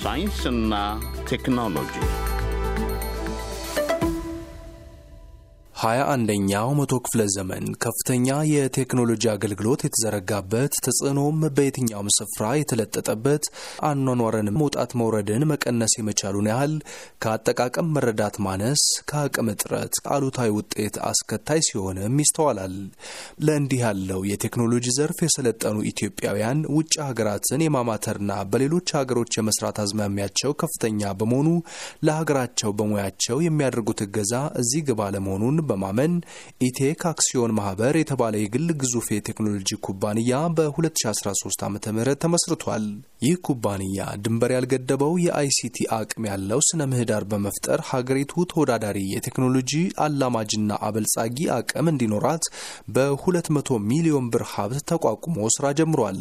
science and uh, technology. ሃያ አንደኛው መቶ ክፍለ ዘመን ከፍተኛ የቴክኖሎጂ አገልግሎት የተዘረጋበት ተጽዕኖም በየትኛውም ስፍራ የተለጠጠበት አኗኗርን መውጣት መውረድን መቀነስ የመቻሉን ያህል ከአጠቃቀም መረዳት ማነስ ከአቅም እጥረት አሉታዊ ውጤት አስከታይ ሲሆንም ይስተዋላል። ለእንዲህ ያለው የቴክኖሎጂ ዘርፍ የሰለጠኑ ኢትዮጵያውያን ውጭ ሀገራትን የማማተርና በሌሎች ሀገሮች የመስራት አዝማሚያቸው ከፍተኛ በመሆኑ ለሀገራቸው በሙያቸው የሚያደርጉት እገዛ እዚህ ግባ ለመሆኑን በማመን ኢቴክ አክሲዮን ማህበር የተባለ የግል ግዙፍ የቴክኖሎጂ ኩባንያ በ2013 ዓ ም ተመስርቷል። ይህ ኩባንያ ድንበር ያልገደበው የአይሲቲ አቅም ያለው ስነ ምህዳር በመፍጠር ሀገሪቱ ተወዳዳሪ የቴክኖሎጂ አላማጅና አበልጻጊ አቅም እንዲኖራት በ200 ሚሊዮን ብር ሀብት ተቋቁሞ ስራ ጀምሯል።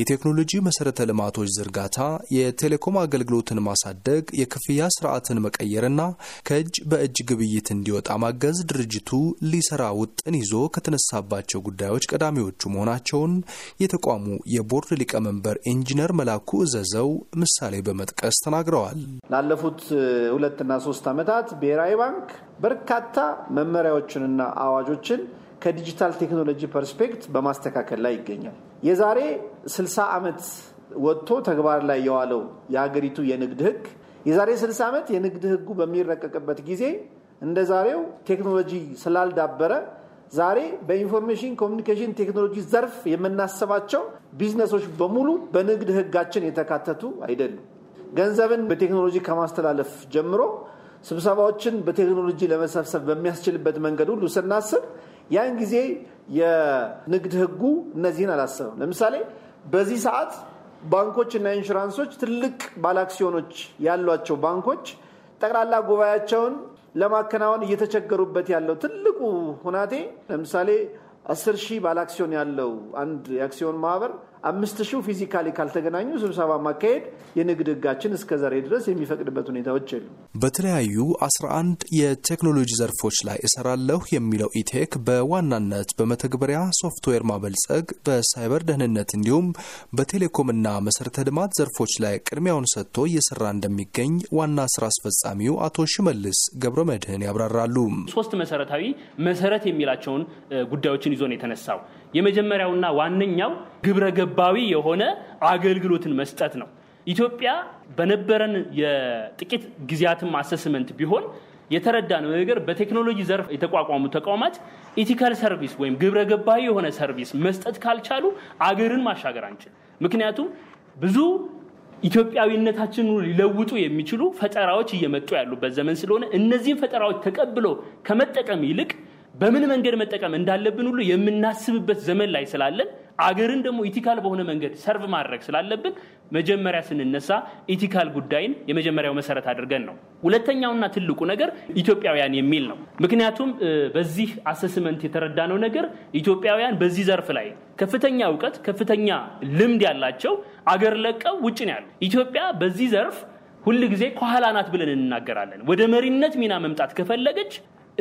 የቴክኖሎጂ መሰረተ ልማቶች ዝርጋታ፣ የቴሌኮም አገልግሎትን ማሳደግ፣ የክፍያ ስርዓትን መቀየርና ከእጅ በእጅ ግብይት እንዲወጣ ማገዝ ድርጅቱ ሊሰራ ውጥን ይዞ ከተነሳባቸው ጉዳዮች ቀዳሚዎቹ መሆናቸውን የተቋሙ የቦርድ ሊቀመንበር ኢንጂነር መላኩ እዘዘው ምሳሌ በመጥቀስ ተናግረዋል። ላለፉት ሁለትና ሶስት ዓመታት ብሔራዊ ባንክ በርካታ መመሪያዎችንና አዋጆችን ከዲጂታል ቴክኖሎጂ ፐርስፔክት በማስተካከል ላይ ይገኛል። የዛሬ 60 ዓመት ወጥቶ ተግባር ላይ የዋለው የሀገሪቱ የንግድ ህግ የዛሬ 60 ዓመት የንግድ ህጉ በሚረቀቅበት ጊዜ እንደ ዛሬው ቴክኖሎጂ ስላልዳበረ ዛሬ በኢንፎርሜሽን ኮሚኒኬሽን ቴክኖሎጂ ዘርፍ የምናስባቸው ቢዝነሶች በሙሉ በንግድ ሕጋችን የተካተቱ አይደሉም። ገንዘብን በቴክኖሎጂ ከማስተላለፍ ጀምሮ ስብሰባዎችን በቴክኖሎጂ ለመሰብሰብ በሚያስችልበት መንገድ ሁሉ ስናስብ ያን ጊዜ የንግድ ሕጉ እነዚህን አላሰብም። ለምሳሌ በዚህ ሰዓት ባንኮች እና ኢንሹራንሶች ትልቅ ባለአክሲዮኖች ያሏቸው ባንኮች ጠቅላላ ጉባኤያቸውን ለማከናወን እየተቸገሩበት ያለው ትልቁ ሁናቴ ለምሳሌ አስር ሺህ ባለ አክሲዮን ያለው አንድ የአክሲዮን ማህበር አምስት ሺው ፊዚካሊ ካልተገናኙ ስብሰባ ማካሄድ የንግድ ህጋችን እስከ ዛሬ ድረስ የሚፈቅድበት ሁኔታዎች የሉ። በተለያዩ 11 የቴክኖሎጂ ዘርፎች ላይ እሰራለሁ የሚለው ኢቴክ በዋናነት በመተግበሪያ ሶፍትዌር ማበልጸግ፣ በሳይበር ደህንነት እንዲሁም በቴሌኮምና መሰረተ ልማት ዘርፎች ላይ ቅድሚያውን ሰጥቶ እየሰራ እንደሚገኝ ዋና ስራ አስፈጻሚው አቶ ሽመልስ ገብረ መድህን ያብራራሉ። ሶስት መሰረታዊ መሰረት የሚላቸውን ጉዳዮችን ይዞ ነው የተነሳው የመጀመሪያውና ዋነኛው ግብረ ገባዊ የሆነ አገልግሎትን መስጠት ነው። ኢትዮጵያ በነበረን የጥቂት ጊዜያትም አሰስመንት ቢሆን ነው ነገር በቴክኖሎጂ ዘርፍ የተቋቋሙ ተቋማት ኢቲካል ሰርቪስ ወይም ግብረ ገባዊ የሆነ ሰርቪስ መስጠት ካልቻሉ አገርን ማሻገር አንችል። ምክንያቱም ብዙ ኢትዮጵያዊነታችንን ሊለውጡ የሚችሉ ፈጠራዎች እየመጡ ያሉበት ዘመን ስለሆነ እነዚህን ፈጠራዎች ተቀብሎ ከመጠቀም ይልቅ በምን መንገድ መጠቀም እንዳለብን ሁሉ የምናስብበት ዘመን ላይ ስላለን አገርን ደግሞ ኢቲካል በሆነ መንገድ ሰርቭ ማድረግ ስላለብን መጀመሪያ ስንነሳ ኢቲካል ጉዳይን የመጀመሪያው መሰረት አድርገን ነው። ሁለተኛውና ትልቁ ነገር ኢትዮጵያውያን የሚል ነው። ምክንያቱም በዚህ አሰስመንት የተረዳነው ነገር ኢትዮጵያውያን በዚህ ዘርፍ ላይ ከፍተኛ እውቀት፣ ከፍተኛ ልምድ ያላቸው አገር ለቀው ውጭ ነው ያሉ። ኢትዮጵያ በዚህ ዘርፍ ሁል ጊዜ ከኋላ ናት ብለን እንናገራለን። ወደ መሪነት ሚና መምጣት ከፈለገች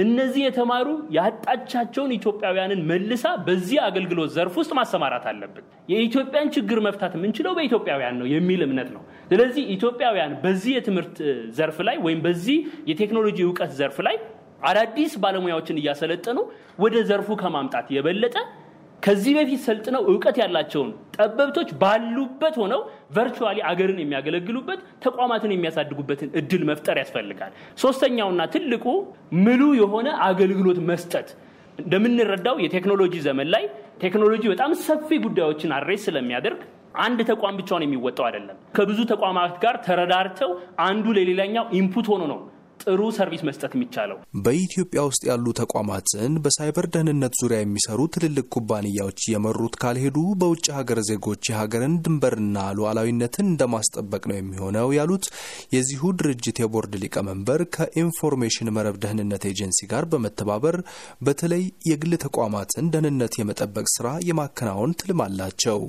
እነዚህ የተማሩ ያጣቻቸውን ኢትዮጵያውያንን መልሳ በዚህ አገልግሎት ዘርፍ ውስጥ ማሰማራት አለብን። የኢትዮጵያን ችግር መፍታት የምንችለው በኢትዮጵያውያን ነው የሚል እምነት ነው። ስለዚህ ኢትዮጵያውያን በዚህ የትምህርት ዘርፍ ላይ ወይም በዚህ የቴክኖሎጂ እውቀት ዘርፍ ላይ አዳዲስ ባለሙያዎችን እያሰለጠኑ ወደ ዘርፉ ከማምጣት የበለጠ ከዚህ በፊት ሰልጥነው እውቀት ያላቸውን ጠበብቶች ባሉበት ሆነው ቨርቹዋሊ አገርን የሚያገለግሉበት ተቋማትን የሚያሳድጉበትን እድል መፍጠር ያስፈልጋል። ሶስተኛውና ትልቁ ምሉ የሆነ አገልግሎት መስጠት እንደምንረዳው የቴክኖሎጂ ዘመን ላይ ቴክኖሎጂ በጣም ሰፊ ጉዳዮችን አድሬስ ስለሚያደርግ አንድ ተቋም ብቻውን የሚወጣው አይደለም። ከብዙ ተቋማት ጋር ተረዳርተው አንዱ ለሌላኛው ኢንፑት ሆኖ ነው ጥሩ ሰርቪስ መስጠት የሚቻለው። በኢትዮጵያ ውስጥ ያሉ ተቋማትን በሳይበር ደህንነት ዙሪያ የሚሰሩ ትልልቅ ኩባንያዎች የመሩት ካልሄዱ በውጭ ሀገር ዜጎች የሀገርን ድንበርና ሉዓላዊነትን እንደማስጠበቅ ነው የሚሆነው ያሉት የዚሁ ድርጅት የቦርድ ሊቀመንበር ከኢንፎርሜሽን መረብ ደህንነት ኤጀንሲ ጋር በመተባበር በተለይ የግል ተቋማትን ደህንነት የመጠበቅ ስራ የማከናወን ትልም አላቸው።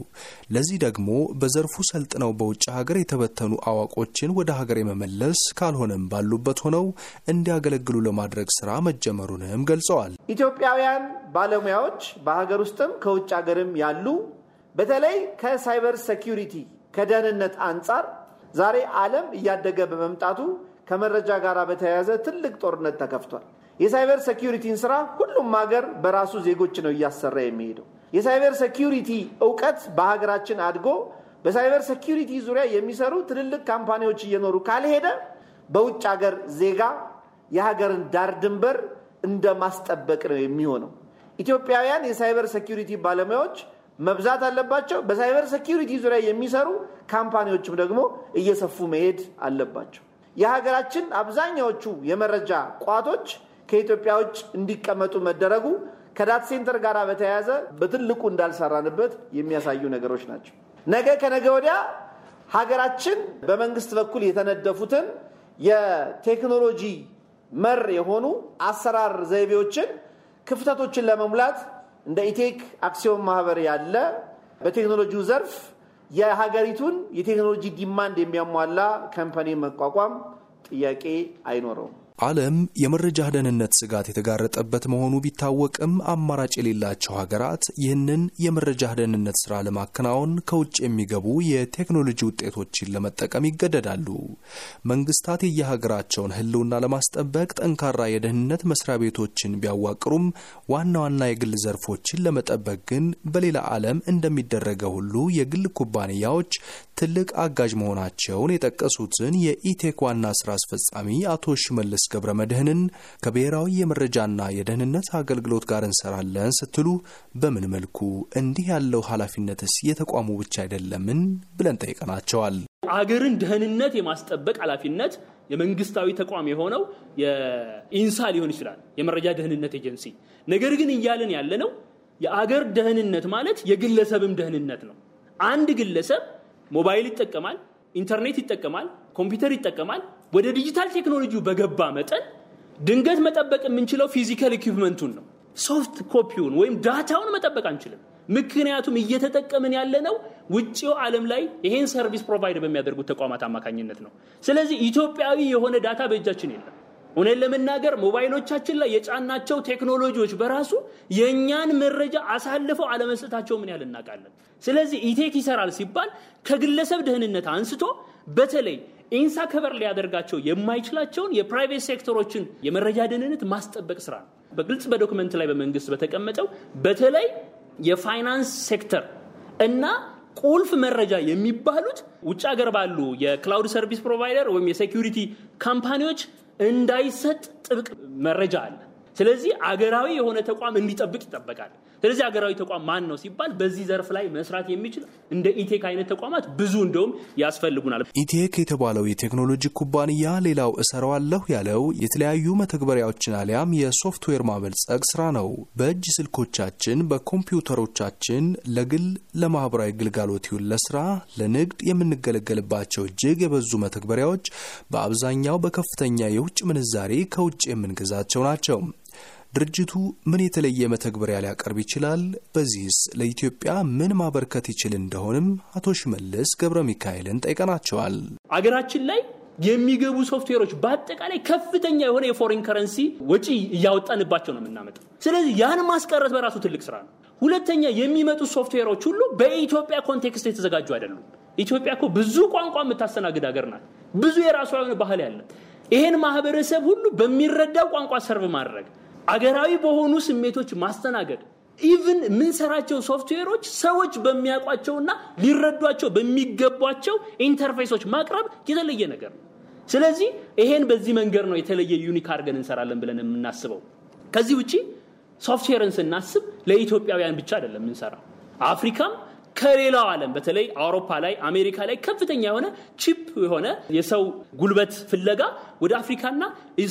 ለዚህ ደግሞ በዘርፉ ሰልጥነው በውጭ ሀገር የተበተኑ አዋቆችን ወደ ሀገር የመመለስ ካልሆነም ባሉበት ሆነው ሆነው እንዲያገለግሉ ለማድረግ ስራ መጀመሩንም ገልጸዋል። ኢትዮጵያውያን ባለሙያዎች በሀገር ውስጥም ከውጭ ሀገርም ያሉ በተለይ ከሳይበር ሴኪሪቲ ከደህንነት አንጻር ዛሬ ዓለም እያደገ በመምጣቱ ከመረጃ ጋር በተያያዘ ትልቅ ጦርነት ተከፍቷል። የሳይበር ሴኪሪቲን ስራ ሁሉም ሀገር በራሱ ዜጎች ነው እያሰራ የሚሄደው። የሳይበር ሴኪሪቲ እውቀት በሀገራችን አድጎ በሳይበር ሴኪሪቲ ዙሪያ የሚሰሩ ትልልቅ ካምፓኒዎች እየኖሩ ካልሄደ በውጭ ሀገር ዜጋ የሀገርን ዳር ድንበር እንደ ማስጠበቅ ነው የሚሆነው። ኢትዮጵያውያን የሳይበር ሴኪሪቲ ባለሙያዎች መብዛት አለባቸው። በሳይበር ሴኪሪቲ ዙሪያ የሚሰሩ ካምፓኒዎችም ደግሞ እየሰፉ መሄድ አለባቸው። የሀገራችን አብዛኛዎቹ የመረጃ ቋቶች ከኢትዮጵያ ውጭ እንዲቀመጡ መደረጉ ከዳት ሴንተር ጋር በተያያዘ በትልቁ እንዳልሰራንበት የሚያሳዩ ነገሮች ናቸው። ነገ ከነገ ወዲያ ሀገራችን በመንግስት በኩል የተነደፉትን የቴክኖሎጂ መር የሆኑ አሰራር ዘይቤዎችን ክፍተቶችን ለመሙላት እንደ ኢቴክ አክሲዮን ማህበር ያለ በቴክኖሎጂው ዘርፍ የሀገሪቱን የቴክኖሎጂ ዲማንድ የሚያሟላ ከምፓኒ መቋቋም ጥያቄ አይኖረውም። ዓለም የመረጃ ደህንነት ስጋት የተጋረጠበት መሆኑ ቢታወቅም አማራጭ የሌላቸው ሀገራት ይህንን የመረጃ ደህንነት ስራ ለማከናወን ከውጭ የሚገቡ የቴክኖሎጂ ውጤቶችን ለመጠቀም ይገደዳሉ። መንግስታት የየሀገራቸውን ህልውና ለማስጠበቅ ጠንካራ የደህንነት መስሪያ ቤቶችን ቢያዋቅሩም ዋና ዋና የግል ዘርፎችን ለመጠበቅ ግን በሌላ ዓለም እንደሚደረገ ሁሉ የግል ኩባንያዎች ትልቅ አጋዥ መሆናቸውን የጠቀሱትን የኢቴክ ዋና ስራ አስፈጻሚ አቶ ሽመልስ ገብረ መድህንን ከብሔራዊ የመረጃና የደህንነት አገልግሎት ጋር እንሰራለን ስትሉ በምን መልኩ እንዲህ ያለው ኃላፊነትስ የተቋሙ ብቻ አይደለምን ብለን ጠይቀናቸዋል። አገርን ደህንነት የማስጠበቅ ኃላፊነት የመንግስታዊ ተቋም የሆነው የኢንሳ ሊሆን ይችላል፣ የመረጃ ደህንነት ኤጀንሲ። ነገር ግን ያለ ያለነው የአገር ደህንነት ማለት የግለሰብም ደህንነት ነው። አንድ ግለሰብ ሞባይል ይጠቀማል፣ ኢንተርኔት ይጠቀማል፣ ኮምፒውተር ይጠቀማል ወደ ዲጂታል ቴክኖሎጂው በገባ መጠን ድንገት መጠበቅ የምንችለው ፊዚካል ኢኩፕመንቱን ነው። ሶፍት ኮፒውን ወይም ዳታውን መጠበቅ አንችልም። ምክንያቱም እየተጠቀምን ያለነው ውጭው ዓለም ላይ ይሄን ሰርቪስ ፕሮቫይድ በሚያደርጉት ተቋማት አማካኝነት ነው። ስለዚህ ኢትዮጵያዊ የሆነ ዳታ በእጃችን የለም። እውነት ለመናገር ሞባይሎቻችን ላይ የጫናቸው ቴክኖሎጂዎች በራሱ የእኛን መረጃ አሳልፈው አለመስጠታቸው ምን ያህል እናውቃለን። ስለዚህ ኢቴክ ይሰራል ሲባል ከግለሰብ ደህንነት አንስቶ በተለይ ኢንሳ ከበር ሊያደርጋቸው የማይችላቸውን የፕራይቬት ሴክተሮችን የመረጃ ደህንነት ማስጠበቅ ስራ ነው። በግልጽ በዶክመንት ላይ በመንግስት በተቀመጠው በተለይ የፋይናንስ ሴክተር እና ቁልፍ መረጃ የሚባሉት ውጭ ሀገር ባሉ የክላውድ ሰርቪስ ፕሮቫይደር ወይም የሴኪሪቲ ካምፓኒዎች እንዳይሰጥ ጥብቅ መረጃ አለ። ስለዚህ አገራዊ የሆነ ተቋም እንዲጠብቅ ይጠበቃል። ስለዚህ አገራዊ ተቋም ማን ነው ሲባል በዚህ ዘርፍ ላይ መስራት የሚችል እንደ ኢቴክ አይነት ተቋማት ብዙ እንደውም ያስፈልጉናል። ኢቴክ የተባለው የቴክኖሎጂ ኩባንያ ሌላው እሰራዋለሁ ያለው የተለያዩ መተግበሪያዎችን አሊያም የሶፍትዌር ማበልጸግ ስራ ነው። በእጅ ስልኮቻችን፣ በኮምፒውተሮቻችን ለግል ለማህበራዊ ግልጋሎት ይሁን ለስራ፣ ለንግድ የምንገለገልባቸው እጅግ የበዙ መተግበሪያዎች በአብዛኛው በከፍተኛ የውጭ ምንዛሬ ከውጭ የምንገዛቸው ናቸው። ድርጅቱ ምን የተለየ መተግበሪያ ሊያቀርብ ይችላል? በዚህስ ለኢትዮጵያ ምን ማበርከት ይችል እንደሆንም አቶ ሽመልስ ገብረ ሚካኤልን ጠይቀናቸዋል። አገራችን ላይ የሚገቡ ሶፍትዌሮች በአጠቃላይ ከፍተኛ የሆነ የፎሪን ከረንሲ ወጪ እያወጣንባቸው ነው የምናመጣው። ስለዚህ ያን ማስቀረት በራሱ ትልቅ ስራ ነው። ሁለተኛ የሚመጡ ሶፍትዌሮች ሁሉ በኢትዮጵያ ኮንቴክስት የተዘጋጁ አይደሉም። ኢትዮጵያ እኮ ብዙ ቋንቋ የምታስተናግድ ሀገር ናት። ብዙ የራሷ የሆነ ባህል ያለ ይህን ማህበረሰብ ሁሉ በሚረዳው ቋንቋ ሰርቭ ማድረግ አገራዊ በሆኑ ስሜቶች ማስተናገድ ኢቭን የምንሰራቸው ሶፍትዌሮች ሰዎች በሚያውቋቸውና ሊረዷቸው በሚገቧቸው ኢንተርፌሶች ማቅረብ የተለየ ነገር ነው። ስለዚህ ይሄን በዚህ መንገድ ነው የተለየ ዩኒክ አድርገን እንሰራለን ብለን የምናስበው። ከዚህ ውጪ ሶፍትዌርን ስናስብ ለኢትዮጵያውያን ብቻ አይደለም የምንሰራው። አፍሪካም ከሌላው ዓለም በተለይ አውሮፓ ላይ አሜሪካ ላይ ከፍተኛ የሆነ ቺፕ የሆነ የሰው ጉልበት ፍለጋ ወደ አፍሪካና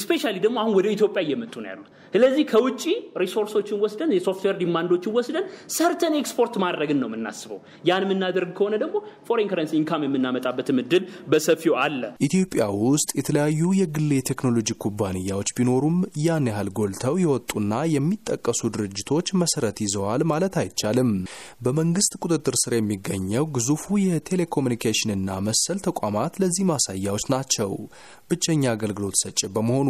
ስፔሻሊ ደግሞ አሁን ወደ ኢትዮጵያ እየመጡ ነው ያሉት። ስለዚህ ከውጭ ሪሶርሶችን ወስደን የሶፍትዌር ዲማንዶችን ወስደን ሰርተን ኤክስፖርት ማድረግን ነው የምናስበው። ያን የምናደርግ ከሆነ ደግሞ ፎሬን ከረንሲ ኢንካም የምናመጣበትም እድል በሰፊው አለ። ኢትዮጵያ ውስጥ የተለያዩ የግል የቴክኖሎጂ ኩባንያዎች ቢኖሩም ያን ያህል ጎልተው የወጡና የሚጠቀሱ ድርጅቶች መሰረት ይዘዋል ማለት አይቻልም። በመንግስት ቁጥጥር ቁጥጥር ስር የሚገኘው ግዙፉ የቴሌኮሙኒኬሽንና መሰል ተቋማት ለዚህ ማሳያዎች ናቸው። ብቸኛ አገልግሎት ሰጪ በመሆኑ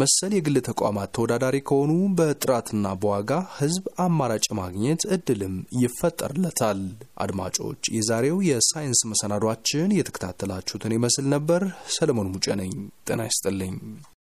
መሰል የግል ተቋማት ተወዳዳሪ ከሆኑ በጥራትና በዋጋ ህዝብ አማራጭ ማግኘት እድልም ይፈጠርለታል። አድማጮች፣ የዛሬው የሳይንስ መሰናዷችን የተከታተላችሁትን ይመስል ነበር። ሰለሞን ሙጬ ነኝ። ጤና ይስጥልኝ።